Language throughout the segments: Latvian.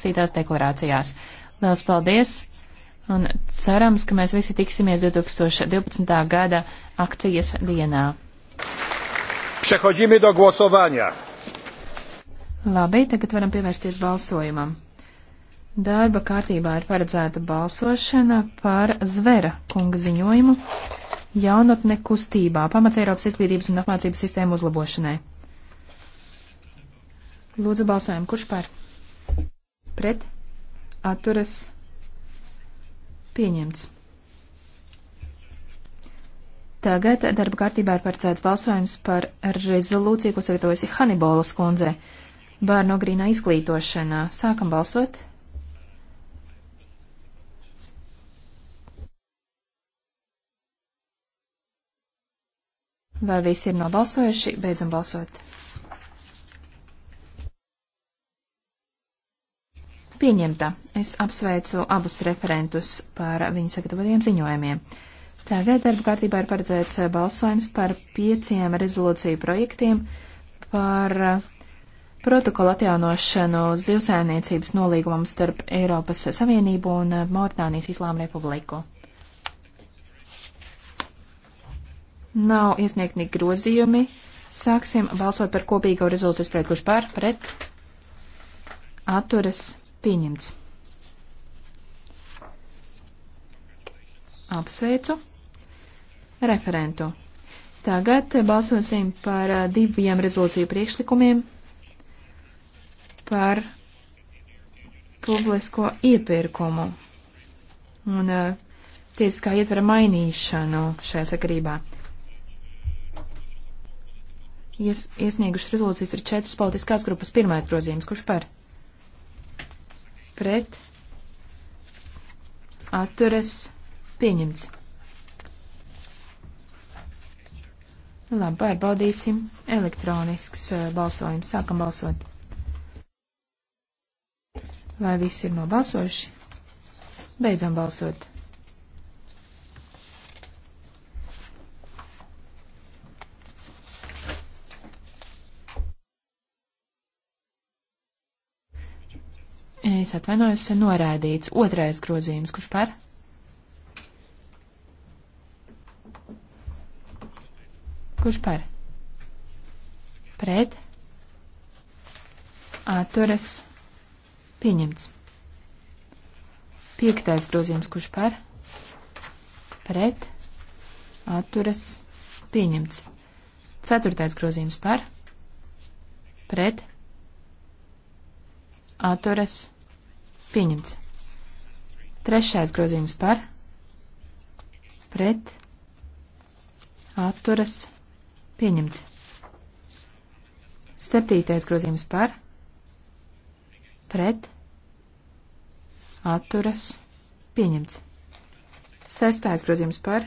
parakstītās deklarācijās. Lielas paldies! Un cerams, ka mēs visi tiksimies 2012. gada akcijas dienā. Przechodzimy do głosowania. Labi, tagad varam pievērsties balsojumam. Darba kārtībā ir paredzēta balsošana par zvera kunga ziņojumu jaunatne kustībā pamats Eiropas izglītības un apmācības sistēmu uzlabošanai. Lūdzu balsojumu, kurš par? pret atturas pieņemts. Tagad darba kārtībā ir paredzēts balsojums par rezolūciju, ko sagatavojusi Hanibolas kundze. Bērnu grīnā izglītošana. Sākam balsot. Vai visi ir nobalsojuši? Beidzam balsot. pieņemta. Es apsveicu abus referentus par viņu sagatavotiem ziņojumiem. Tagad darba kārtībā ir paredzēts balsojums par pieciem rezolūciju projektiem par protokolu atjaunošanu zivsēniecības nolīgumam starp Eiropas Savienību un Mauritānijas Islām Republiku. Nav iesniegt nik grozījumi. Sāksim balsot par kopīgo rezolūcijas projektu, kurš par, pret, atturas Pieņemts. Apsveicu referentu. Tagad balsosim par uh, diviem rezolūciju priekšlikumiem par publisko iepirkumu un uh, tiesiskā ietvera mainīšanu šajā sakarībā. Ies, iesniegušas rezolūcijas ir četras politiskās grupas. Pirmais grozījums, kurš par? pret, atturas, pieņemts. Labi, pārbaudīsim. Elektronisks eh, balsojums. Sākam balsot. Vai visi ir nobalsojuši? Beidzam balsot. es atvainojos, norādīts. Otrais grozījums, kurš par? Kurš par? Pret? Atturas? Pieņemts. Piektais grozījums, kurš par? Pret? Atturas? Pieņemts. Ceturtais grozījums par? Pret? Atturas? Pieņemts Pieņemts. Trešais grozījums par, pret, atturas, pieņemts. Septītais grozījums par, pret, atturas, pieņemts. Sestais grozījums par,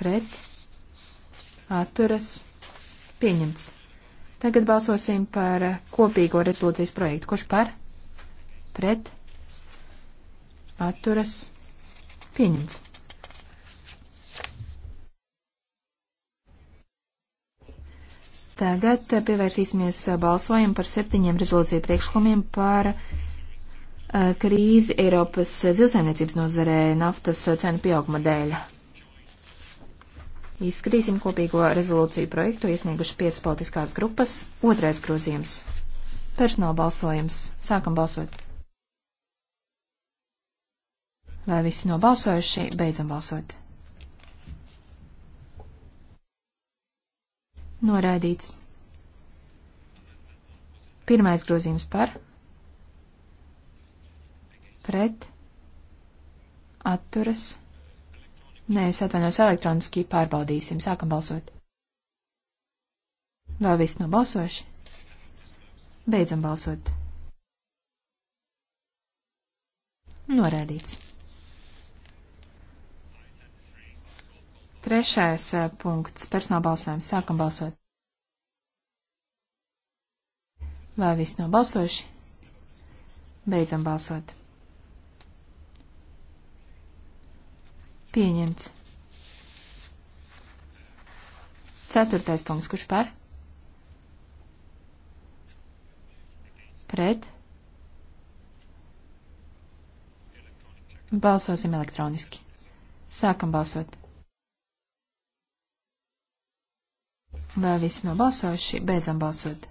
pret, atturas, pieņemts. Tagad balsosim par kopīgo rezolūcijas projektu. Kurš par? Pret? Atturas? Pieņems. Tagad pievērsīsimies balsojumu par septiņiem rezolūciju priekšlikumiem par eh, krīzi Eiropas zivsaimniecības nozarē naftas cenu pieauguma dēļ. Izskatīsim kopīgo rezolūciju projektu iesnieguši 5 politiskās grupas. Otrais grozījums. Personāla balsojums. Sākam balsot. Vai visi nobalsojuši? Beidzam balsot. Noraidīts. Pirmais grozījums par. Pret. Atturas. Nē, es atvainojos elektroniski pārbaudīsim. Sākam balsot. Vēl viss nav balsoši. Beidzam balsot. Norēdīts. Trešais eh, punkts. Personāla balsojums. Sākam balsot. Vēl viss nav balsoši. Beidzam balsot. Pieņemts. Ceturtais punkts, kurš par? Pret. Balsosim elektroniski. Sākam balsot. Vai visi nobalsojuši? Beidzam balsot.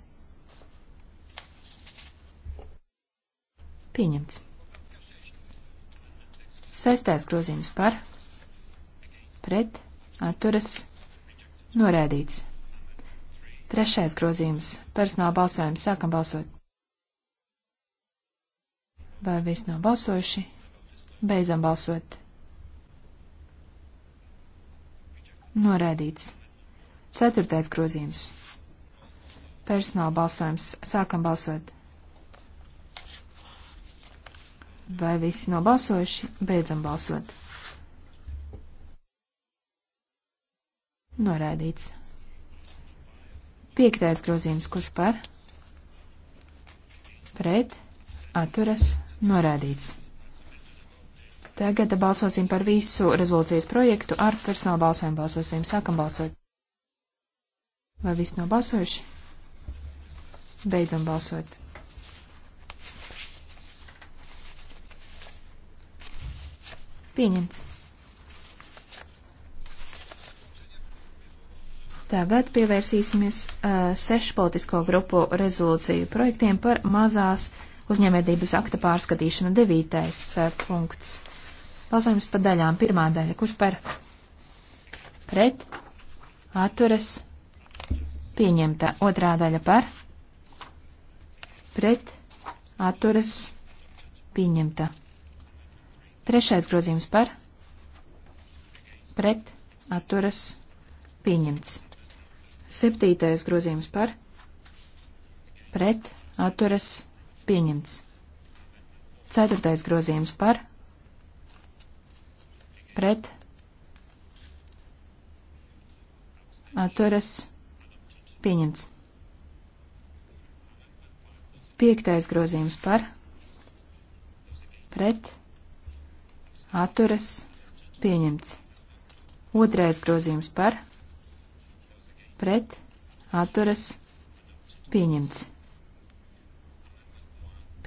Pieņemts. Sestais grozījums par pret, atturas, norēdīts. Trešais grozījums - personāla balsojums. Sākam balsot. Vai viss nav balsojuši? Beidzam balsot. Norēdīts. Ceturtais grozījums - personāla balsojums. Sākam balsot. Vai visi nobalsojuši? Beidzam balsot. Noraidīts. Piektais grozījums, kurš par? Pret. Atturas. Noraidīts. Tagad balsosim par visu rezolūcijas projektu ar personālu balsojumu. Balsosim, sākam balsot. Vai viss nav balsojuši? Beidzam balsot. Pieņemts. Tagad pievērsīsimies uh, sešu politisko grupu rezolūciju projektiem par mazās uzņēmējdības akta pārskatīšanu. Devītais uh, punkts. Balsojums pa daļām. Pirmā daļa. Kurš par? Pret? Atturas? Pieņemta. Otrā daļa par? Pret? Atturas? Pieņemta. Trešais grozījums par? Pret? Atturas? Pieņemts. Septītais grozījums par pret atturas pieņemts. Ceturtais grozījums par pret atturas pieņemts. Piektais grozījums par pret atturas pieņemts. Otrais grozījums par pret pret, atturas, pieņemts.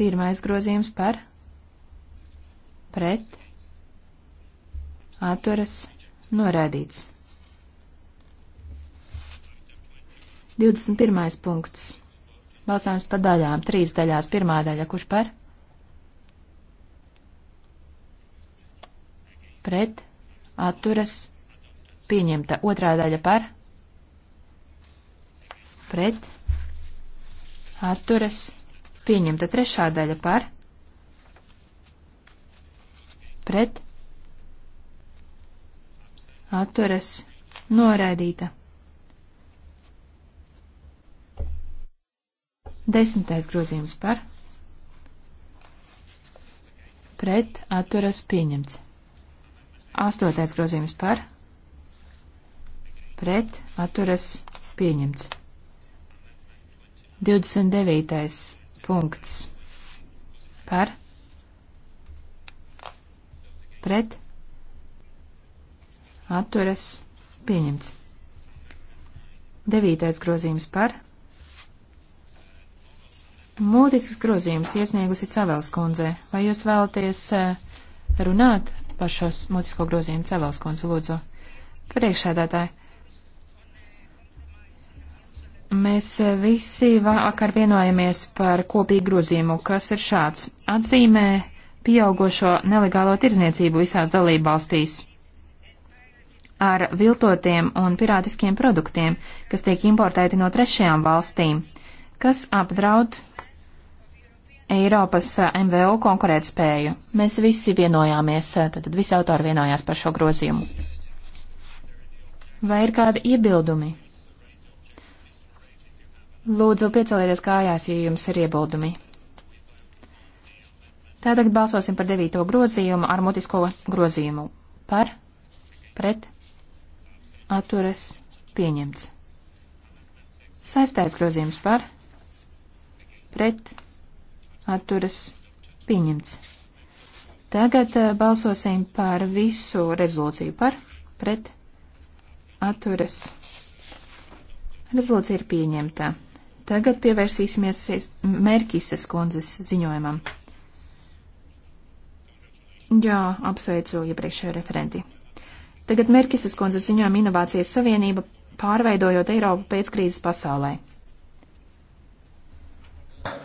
Pirmais grozījums par, pret, atturas, norādīts. 21. punkts. Balsājums pa daļām, trīs daļās. Pirmā daļa, kurš par? Pret, atturas, pieņemta. Otrā daļa par? pret, atturas, pieņemta trešā daļa par, pret, atturas, noraidīta. Desmitais grozījums par, pret, atturas, pieņemts. Astotais grozījums par, pret, atturas, pieņemts. 29. punkts par pret atturas pieņemts. 9. grozījums par Mūtisks grozījums iesniegusi Cavels kundze. Vai jūs vēlaties eh, runāt par šos mūtisko grozījumu Cavels kundze, lūdzu? Priekšsēdētāji, Mēs eh, visi vakar vienojamies par kopīgu grozījumu, kas ir šāds - atzīmē pieaugošo nelegālo tirzniecību visās dalībvalstīs ar viltotiem un pirātiskiem produktiem, kas tiek importēti no trešajām valstīm, kas apdraud Eiropas eh, MVU konkurētspēju. Mēs visi vienojāmies, eh, tad visi autori vienojās par šo grozījumu. Vai ir kādi iebildumi? Lūdzu, piecelieties kājās, ja jums ir iebildumi. Tātad balsosim par devīto grozījumu ar mutisko grozījumu. Par, pret, atturas, pieņemts. Saistais grozījums par, pret, atturas, pieņemts. Tagad eh, balsosim par visu rezolūciju par, pret, atturas. Rezolūcija ir pieņemta. Tagad pievērsīsimies Merkises kundzes ziņojumam. Jā, apsveicu iepriekšējo referenti. Tagad Merkises kundzes ziņojuma Inovācijas Savienība pārveidojot Eiropu pēc krīzes pasaulē.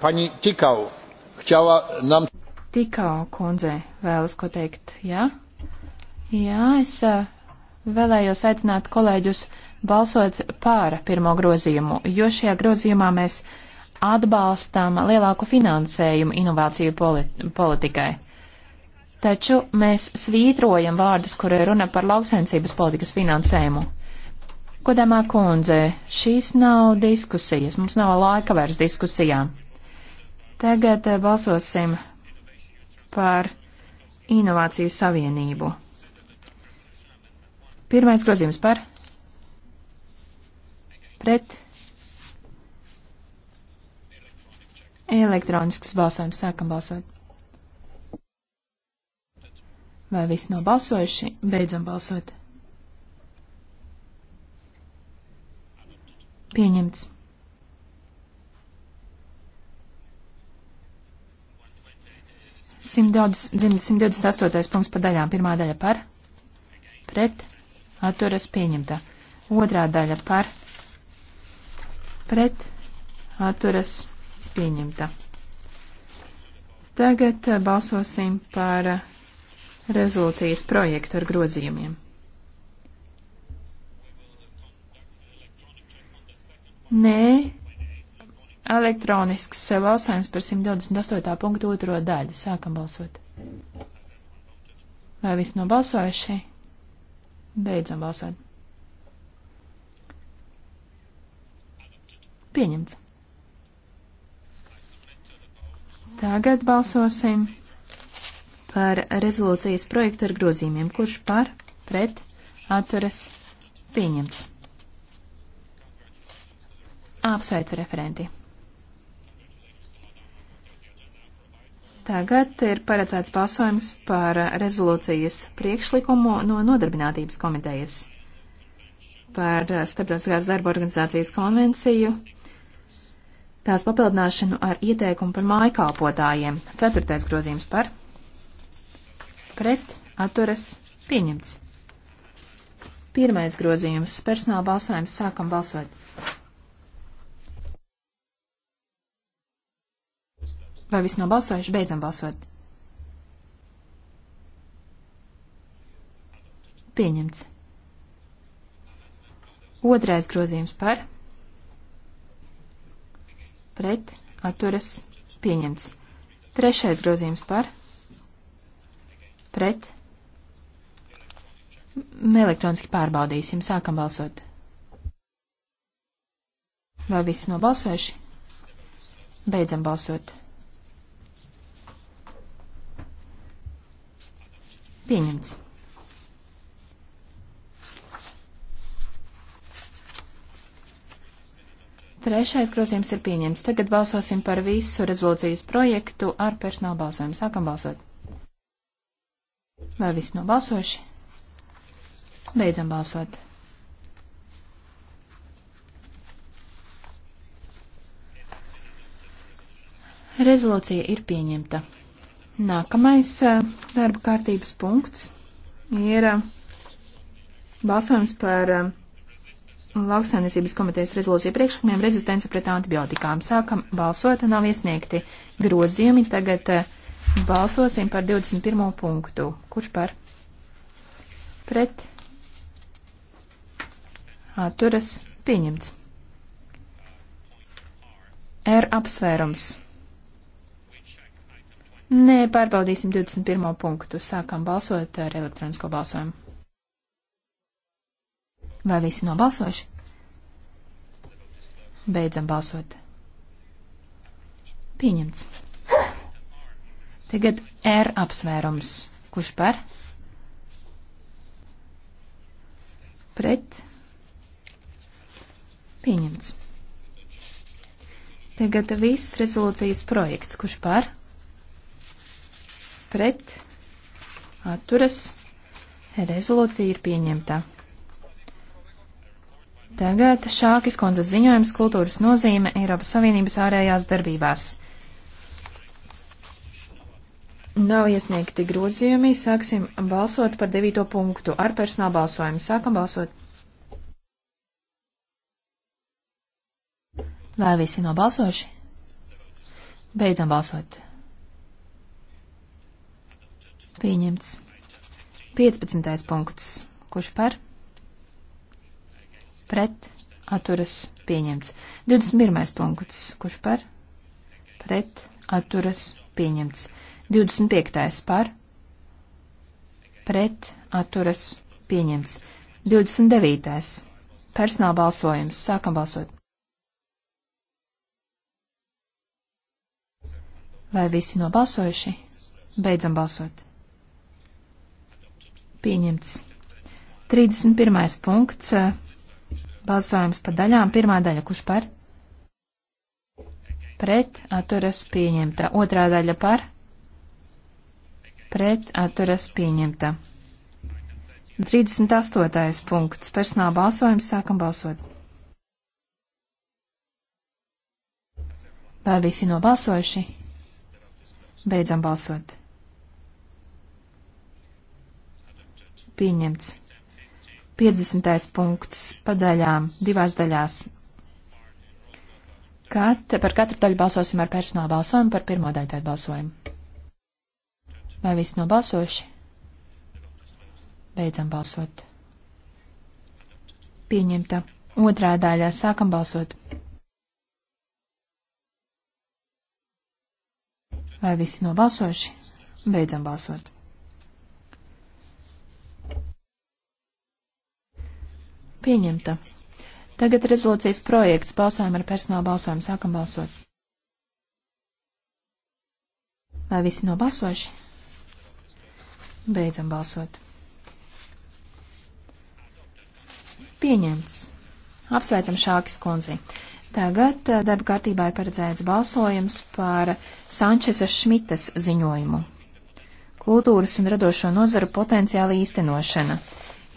Pani Tikau, chciała nam. Tikau kundze vēlas ko teikt, jā? Jā, es eh, vēlējos aicināt kolēģus balsot pār pirmo grozījumu, jo šajā grozījumā mēs atbalstām lielāku finansējumu inovāciju politi politikai. Taču mēs svītrojam vārdus, kur ir runa par lauksainicības politikas finansējumu. Kodamā kundze, šīs nav diskusijas, mums nav laika vairs diskusijām. Tagad eh, balsosim par Inovāciju savienību. Pirmais grozījums par pret elektronisks balsojums. Sākam balsot. Vai visi nobalsojuši? Beidzam balsot. Pieņemts. 128. punkts par daļām. Pirmā daļa par, pret, atturas pieņemta. Otrā daļa par, pret atturas pieņemta. Tagad eh, balsosim par eh, rezolūcijas projektu ar grozījumiem. Nē, elektronisks eh, balsojums par 128. punktu otro daļu. Sākam balsot. Vai viss nobalsojuši? Beidzam balsot. Pieņemts. Tagad balsosim par rezolūcijas projektu ar grozījumiem, kurš par, pret, atturas, pieņemts. Apsveicu referenti. Tagad ir paredzēts balsojums par rezolūcijas priekšlikumu no nodarbinātības komitejas par starptautiskās darba organizācijas konvenciju tās papildināšanu ar ieteikumu par mājkalpotājiem. Ceturtais grozījums par pret atturas pieņemts. Pirmais grozījums - personāla balsojums. Sākam balsot. Vai viss nav balsojuši? Beidzam balsot. Pieņemts. Otrais grozījums par pret, atturas, pieņemts. Trešais grozījums par, pret, elektroniski pārbaudīsim, sākam balsot. Vai visi nobalsojuši? Beidzam balsot. Pieņemts. Trešais grozījums ir pieņemts. Tagad balsosim par visu rezolūcijas projektu ar personālu balsojumu. Sākam balsot. Vai viss nobalsojuši? Beidzam balsot. Rezolūcija ir pieņemta. Nākamais darba kārtības punkts ir balsojums par lauksaimniecības komitejas rezolūcija priekšlikumiem rezistence pret antibiotikām. Sākam balsot, nav iesniegti grozījumi. Tagad eh, balsosim par 21. punktu. Kurš par? Pret. Atturas pieņemts. R apsvērums. Nē, pārbaudīsim 21. punktu. Sākam balsot ar elektronisko balsojumu. Vai visi nobalsojuši? Beidzam balsot. Pieņemts. Tagad R apsvērums. Kurš par? Pret. Pieņemts. Tagad viss rezolūcijas projekts. Kurš par? Pret. Atturas. Rezolūcija ir pieņemta. Tagad Šākis konzas ziņojums kultūras nozīme Eiropas Savienības ārējās darbībās. Nav iesniegti grozījumi, sāksim balsot par devīto punktu ar personālu balsojumu. Sākam balsot. Vai visi nobalsoši? Beidzam balsot. Pieņemts. 15. punkts. Kurš par? pret atturas pieņemts. 21. punkts, kurš par pret atturas pieņemts. 25. par pret atturas pieņemts. 29. personāla balsojums. Sākam balsot. Vai visi nobalsojuši? Beidzam balsot. Pieņemts. 31. punkts. Balsojums pa daļām. Pirmā daļa, kurš par? Pret atturas pieņemta. Otrā daļa par? Pret atturas pieņemta. 38. punkts. Personāla balsojums. Sākam balsot. Vai visi nobalsojuši? Beidzam balsot. Pieņemts. 50. punkts padaļām, divās daļās. Kat, par katru daļu balsosim ar personālu balsojumu, par pirmo daļu tādu balsojumu. Vai visi nobalsojuši? Beidzam balsot. Pieņemta. Otrā daļā sākam balsot. Vai visi nobalsojuši? Beidzam balsot. Pieņemta. Tagad rezolūcijas projekts. Balsojam ar personālu balsojumu. Sākam balsot. Vai visi nobalsojuši? Beidzam balsot. Pieņemts. Apsveicam Šākas kundzi. Tagad eh, darba kārtībā ir paredzēts balsojums par Sančesa Šmitas ziņojumu. Kultūras un radošo nozaru potenciāla īstenošana.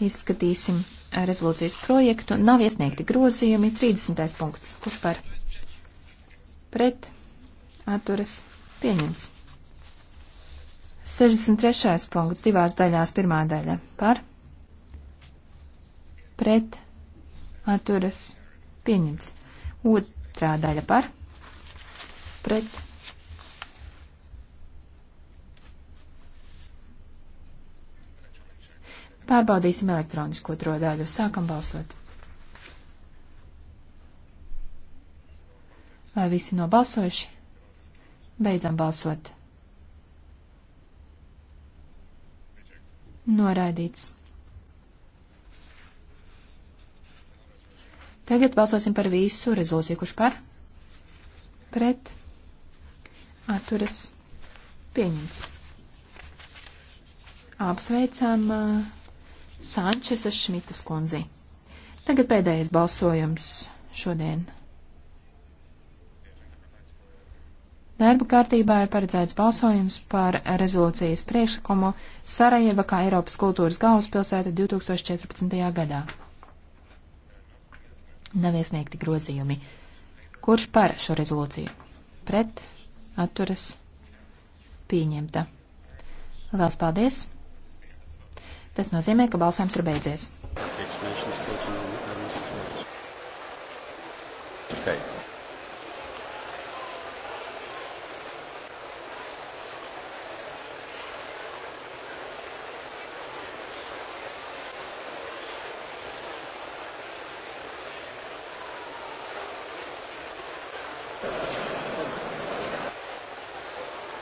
Izskatīsim rezolūcijas projektu. Nav iesniegti grozījumi. 30. punkts. Kurš par? Pret. Atturas. Pieņems. 63. punkts. Divās daļās. Pirmā daļa. Par. Pret. Atturas. Pieņems. Otrā daļa par. Pret. Pārbaudīsim elektronisko trodaļu. Sākam balsot. Vai visi nobalsojuši? Beidzam balsot. Noraidīts. Tagad balsosim par visu rezolūciju, kurš par, pret, atturas, pieņemts. Apsveicam uh, Sančesa Šmitas kundzi. Tagad pēdējais balsojums šodien. Darba kārtībā ir paredzēts balsojums par rezolūcijas priekšlikumu Sarajeva kā Eiropas kultūras galvaspilsēta 2014. gadā. Nav iesniegti grozījumi. Kurš par šo rezolūciju? Pret, atturas, pieņemta. Lielas paldies! Tas nozīmē, ka balsojums ir beidzies. Okay.